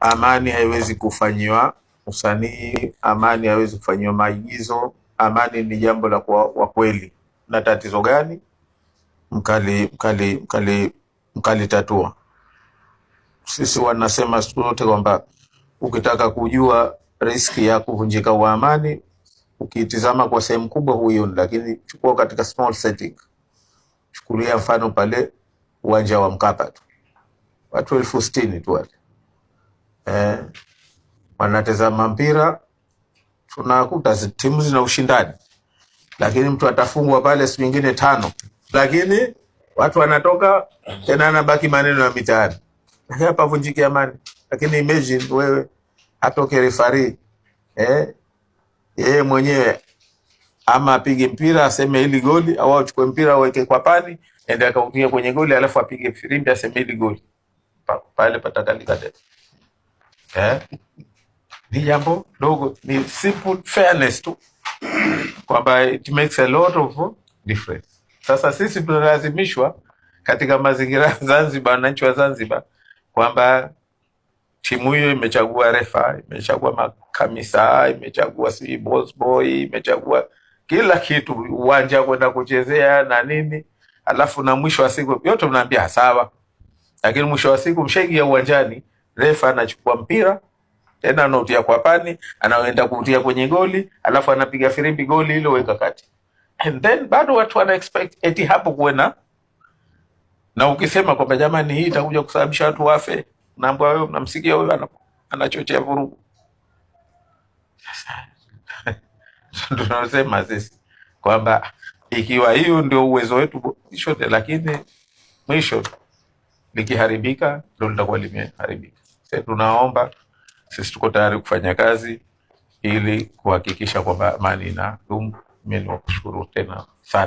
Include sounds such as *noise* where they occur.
Amani haiwezi kufanyiwa usanii, amani haiwezi kufanyiwa maigizo. Amani ni jambo la kwa kweli. Na tatizo gani? Mkali mkali mkali mkali tatua. Sisi wanasema siku yote kwamba ukitaka kujua riski ya kuvunjika wa amani, ukitizama kwa sehemu kubwa huyo, lakini chukua katika small setting, chukulia mfano pale uwanja wa Mkapa tu watu elfu sitini tu wale wanatazama mpira, tunakuta timu zina ushindani, lakini mtu atafungwa pale siku nyingine tano, lakini watu wanatoka tena, anabaki maneno ya mitaani, hapa vunjike amani. Lakini imagine wewe atoke refari eh, yeye mwenyewe ama apige mpira aseme hili goli, au achukue mpira aweke kwa pani, ende akaukia kwenye goli, alafu apige firimbi aseme hili goli, pale patakalika tena eh ni jambo dogo, ni simple fairness tu *clears throat* kwamba it makes a lot of difference. Sasa sisi tunalazimishwa katika mazingira ya Zanzibar, wananchi wa Zanzibar, kwamba timu hiyo imechagua refa, imechagua makamisa, imechagua si boss boy, imechagua kila kitu, uwanja kwenda kuchezea na nini, alafu na mwisho wa siku yote unaambia sawa, lakini mwisho wa siku mshaingia uwanjani, refa anachukua mpira tena anautia kwa pani, anaenda kuutia kwenye goli, alafu anapiga firimbi goli ile weka kati. And then bado watu wana expect eti hapo kuwe na na, ukisema kwamba jamani, hii itakuja kusababisha watu wafe, naambwa wewe, mnamsikia huyo anachochea vurugu. *laughs* Tunasema sisi kwamba ikiwa hiyo ndio uwezo wetu shote, lakini mwisho likiharibika ndo litakuwa limeharibika. Sasa tunaomba sisi tuko tayari kufanya kazi ili kuhakikisha kwamba amani inadumu. Mimi niwakushukuru tena sana.